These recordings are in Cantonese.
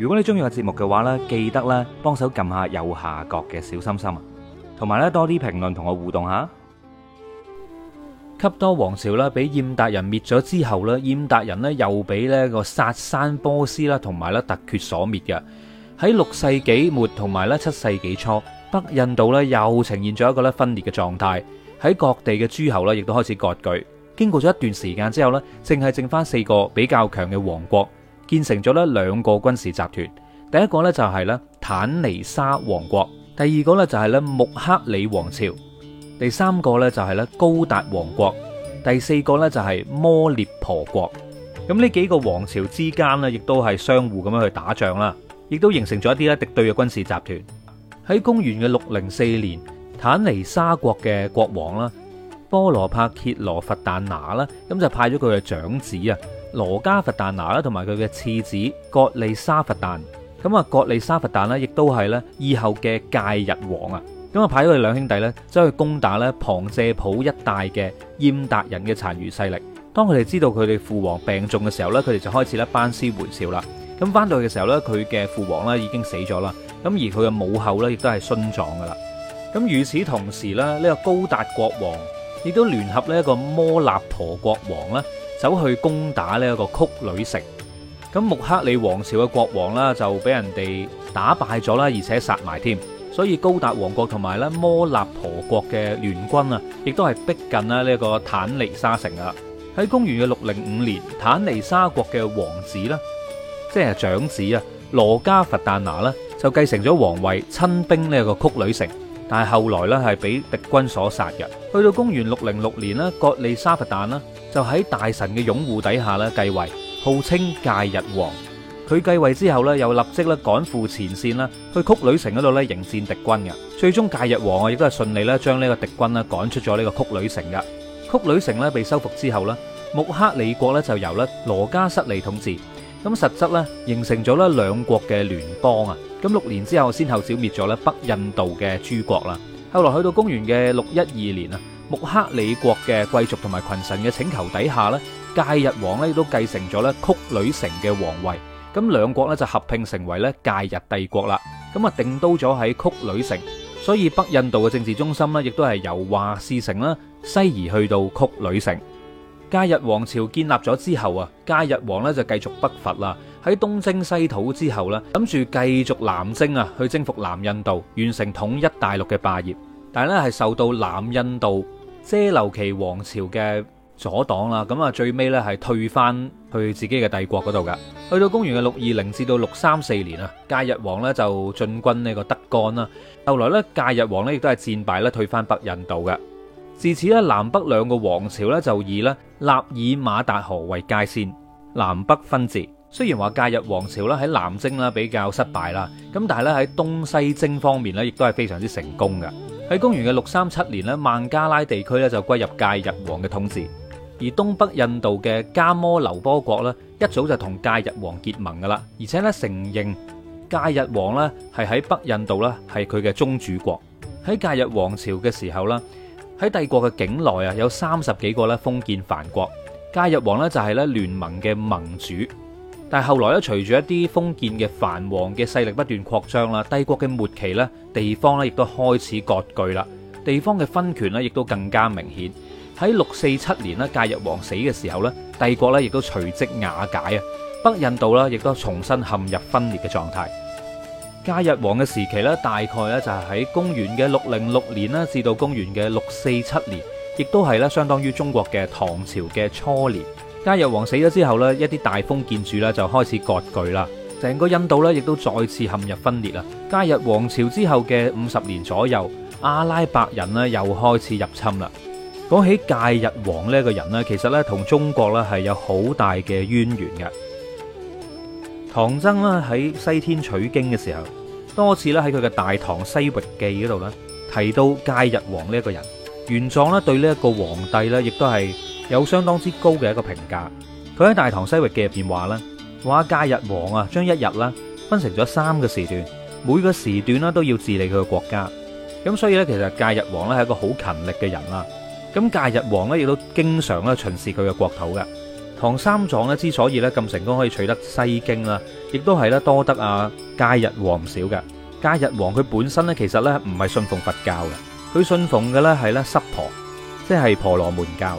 如果你中意個節目嘅話呢，記得咧幫手撳下右下角嘅小心心，同埋咧多啲評論同我互動下。笈多王朝啦，俾燕達人滅咗之後呢，燕達人咧又俾呢個薩珊波斯啦，同埋咧突厥所滅嘅。喺六世紀末同埋咧七世紀初，北印度咧又呈現咗一個咧分裂嘅狀態，喺各地嘅諸侯咧亦都開始割據。經過咗一段時間之後呢，淨係剩返四個比較強嘅王國。建成咗咧兩個軍事集團，第一個咧就係咧坦尼沙王國，第二個咧就係咧穆克里王朝，第三個咧就係咧高達王國，第四個咧就係摩涅婆國。咁呢幾個王朝之間咧，亦都係相互咁樣去打仗啦，亦都形成咗一啲咧敵對嘅軍事集團。喺公元嘅六零四年，坦尼沙國嘅國王啦，波羅帕歇羅佛旦拿啦，咁就派咗佢嘅長子啊，羅家佛旦拿啦，同埋佢嘅次子格利沙佛旦，咁啊，格利沙佛旦咧，亦都係咧，以後嘅戒日王啊，咁啊，派咗佢兩兄弟咧，走去攻打咧旁遮普一帶嘅奄達人嘅殘餘勢力。當佢哋知道佢哋父王病重嘅時候咧，佢哋就開始咧班師回朝啦。咁翻到去嘅時候咧，佢嘅父王咧已經死咗啦，咁而佢嘅母后咧亦都係殉葬噶啦。咁與此同時啦，呢個高達國王亦都聯合呢一個摩納陀國王啦。走去攻打呢一個曲女城，咁穆克里王朝嘅國王呢，就俾人哋打敗咗啦，而且殺埋添。所以高達王國同埋咧摩納婆國嘅聯軍啊，亦都係逼近呢個坦尼沙城啊。喺公元嘅六零五年，坦尼沙國嘅王子啦，即係長子啊羅加佛旦拿呢，就繼承咗王位，親兵呢個曲女城，但係後來呢，係俾敵軍所殺嘅。去到公元六零六年呢，國利沙佛旦啦。就喺大臣嘅擁護底下咧繼位，號稱戒日王。佢繼位之後咧，又立即咧趕赴前線啦，去曲女城嗰度咧迎戰敵軍嘅。最終戒日王啊，亦都係順利咧將呢個敵軍咧趕出咗呢個曲女城嘅。曲女城咧被收復之後咧，穆克里國咧就由咧羅加失利統治。咁實質咧形成咗咧兩國嘅聯邦啊。咁六年之後，先後剿滅咗咧北印度嘅諸國啦。後來去到公元嘅六一二年啊。穆克里國嘅貴族同埋群臣嘅請求底下呢，戒日王呢，亦都繼承咗呢曲女城嘅皇位。咁兩國呢就合併成為呢戒日帝國啦。咁啊定都咗喺曲女城，所以北印度嘅政治中心呢亦都係由華氏城啦西移去到曲女城。戒日王朝建立咗之後啊，戒日王呢就繼續北伐啦。喺東征西討之後呢，諗住繼續南征啊，去征服南印度，完成統一大陸嘅霸業。但係呢係受到南印度，遮留其王朝嘅阻擋啦，咁啊最尾呢係退翻去自己嘅帝國嗰度噶。去到公元嘅六二零至到六三四年啊，戒日王呢就進軍呢個德干啦。後來呢，戒日王呢亦都係戰敗呢退翻北印度嘅。自此呢，南北兩個王朝呢就以呢納爾馬達河為界線，南北分治。雖然話戒日王朝呢喺南征啦比較失敗啦，咁但係咧喺東西征方面呢亦都係非常之成功嘅。喺公元嘅六三七年咧，孟加拉地區咧就歸入戒日王嘅統治，而東北印度嘅加摩流波國呢，一早就同戒日王結盟噶啦，而且咧承認戒日王呢係喺北印度呢係佢嘅宗主國。喺戒日王朝嘅時候呢，喺帝國嘅境內啊，有三十幾個咧封建藩國，戒日王呢，就係咧聯盟嘅盟主。但係後來咧，隨住一啲封建嘅藩王嘅勢力不斷擴張啦，帝國嘅末期咧，地方咧亦都開始割據啦，地方嘅分權咧亦都更加明顯。喺六四七年咧，戒日王死嘅時候咧，帝國咧亦都隨即瓦解啊，北印度啦亦都重新陷入分裂嘅狀態。戒日王嘅時期咧，大概咧就係喺公元嘅六零六年咧，至到公元嘅六四七年，亦都係咧相當於中國嘅唐朝嘅初年。戒日王死咗之後呢，一啲大封建主咧就開始割據啦，成個印度呢亦都再次陷入分裂啦。戒日王朝之後嘅五十年左右，阿拉伯人呢又開始入侵啦。講起戒日王呢一個人呢，其實呢同中國呢係有好大嘅淵源嘅。唐僧呢喺西天取經嘅時候，多次呢喺佢嘅《大唐西域記》嗰度呢提到戒日王呢一個人，玄奘呢對呢一個皇帝呢亦都係。有相當之高嘅一個評價。佢喺大唐西域嘅入邊，話呢，話戒日王啊，將一日啦分成咗三個時段，每個時段啦都要治理佢嘅國家。咁所以呢，其實戒日王咧係一個好勤力嘅人啦。咁戒日王呢，亦都經常咧巡視佢嘅國土嘅。唐三藏呢，之所以咧咁成功，可以取得西經啦，亦都係咧多得啊戒日王唔少嘅。戒日王佢本身呢，其實呢，唔係信奉佛教嘅，佢信奉嘅呢，係呢濕婆，即係婆羅門教。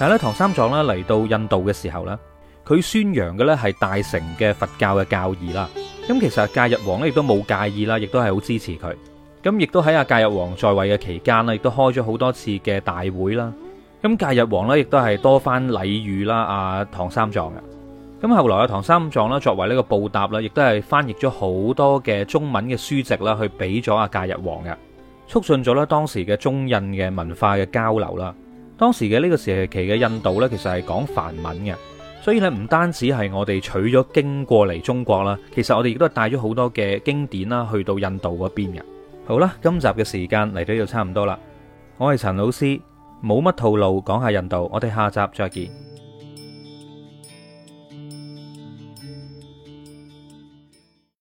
但係咧，唐三藏咧嚟到印度嘅時候咧，佢宣揚嘅咧係大乘嘅佛教嘅教義啦。咁其實戒日王咧亦都冇介意啦，亦都係好支持佢。咁亦都喺阿戒日王在位嘅期間咧，亦都開咗好多次嘅大會啦。咁戒日王咧亦都係多番禮遇啦、啊，阿唐三藏嘅。咁後來阿唐三藏咧作為呢個報答啦，亦都係翻譯咗好多嘅中文嘅書籍啦，去俾咗阿戒日王嘅，促進咗咧當時嘅中印嘅文化嘅交流啦。當時嘅呢個時期嘅印度呢，其實係講梵文嘅，所以呢，唔單止係我哋取咗經過嚟中國啦，其實我哋亦都係帶咗好多嘅經典啦，去到印度嗰邊嘅。好啦，今集嘅時間嚟到就差唔多啦，我係陳老師，冇乜套路講下印度，我哋下集再見。